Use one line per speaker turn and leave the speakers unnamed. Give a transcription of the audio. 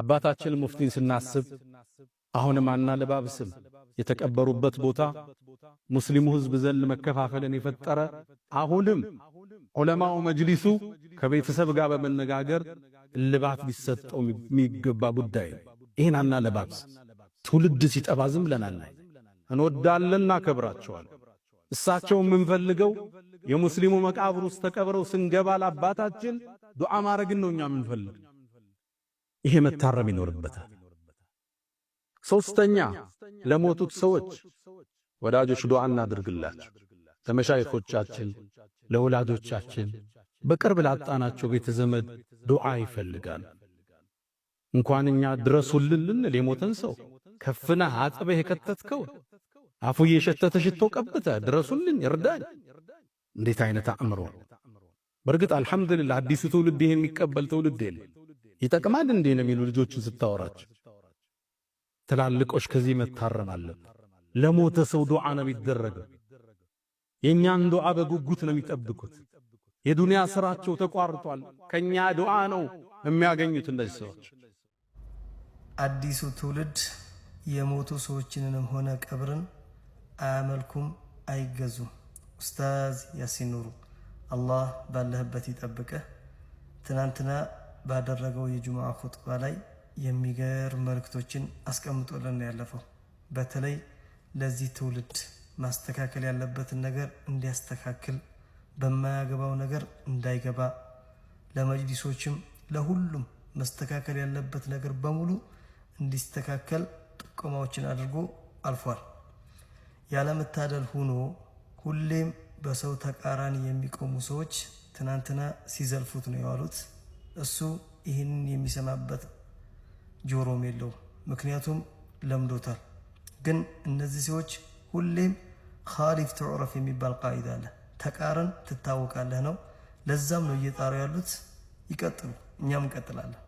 አባታችን ሙፍቲን ስናስብ አሁንም አና ለባብስም የተቀበሩበት ቦታ ሙስሊሙ ህዝብ ዘንድ መከፋፈልን የፈጠረ አሁንም ዑለማው መጅሊሱ ከቤተሰብ ጋር በመነጋገር እልባት ሊሰጠው የሚገባ ጉዳይ ነው። ይህን አና ለባብስ ትውልድ ሲጠፋ ዝም ብለናል። እንወዳለን፣ እሳቸው የምንፈልገው የሙስሊሙ መቃብር ውስጥ ተቀብረው ስንገባ ለአባታችን ዱዓ ማድረግን ነው እኛ የምንፈልግ ይሄ መታረም ይኖርበታል። ሶስተኛ ለሞቱት ሰዎች ወዳጆች ዱዓ እናድርግላችሁ። ለመሻይኾቻችን፣ ለወላጆቻችን፣ በቅርብ ላጣናቸው ቤተ ዘመድ ዱዓ ይፈልጋል። እንኳን እኛ ድረሱልን ልንል የሞተን ሰው ከፍና አጥበህ የከተትከው አፉ የሸተተ ሽቶ ቀብተ ድረሱልን ይርዳኝ። እንዴት አይነት አእምሮ! በእርግጥ አልሐምዱሊላህ አዲሱ ትውልድ ይሄን የሚቀበል ትውልድ የለም። ይጠቅማል እንዴ ነው የሚሉ ልጆቹን ስታወራቸው፣ ትላልቆች ከዚህ መታረም አለብን። ለሞተ ሰው ዱዓ ነው የሚደረገው። የእኛን ዱዓ በጉጉት ነው የሚጠብቁት። የዱንያ ስራቸው ተቋርጧል። ከኛ ዱዓ ነው የሚያገኙት እነዚህ ሰዎች።
አዲሱ ትውልድ የሞቱ ሰዎችንም ሆነ ቀብርን አያመልኩም፣ አይገዙም። ኡስታዝ ያሲን ኑሩ አላህ ባለህበት ይጠብቀህ። ትናንትና ባደረገው የጁምዓ ኹጥባ ላይ የሚገርም መልእክቶችን አስቀምጦልን ያለፈው በተለይ ለዚህ ትውልድ ማስተካከል ያለበትን ነገር እንዲያስተካክል በማያገባው ነገር እንዳይገባ ለመጅሊሶችም ለሁሉም መስተካከል ያለበት ነገር በሙሉ እንዲስተካከል ጥቆማዎችን አድርጎ አልፏል። ያለመታደል ሆኖ ሁሌም በሰው ተቃራኒ የሚቆሙ ሰዎች ትናንትና ሲዘልፉት ነው የዋሉት። እሱ ይህንን የሚሰማበት ጆሮም የለውም። ምክንያቱም ለምዶታል። ግን እነዚህ ሰዎች ሁሌም ካሊፍ ትዑረፍ የሚባል ቃይዳ አለ። ተቃረን ትታወቃለህ ነው። ለዛም ነው እየጣሩ ያሉት። ይቀጥሉ፣ እኛም እንቀጥላለን።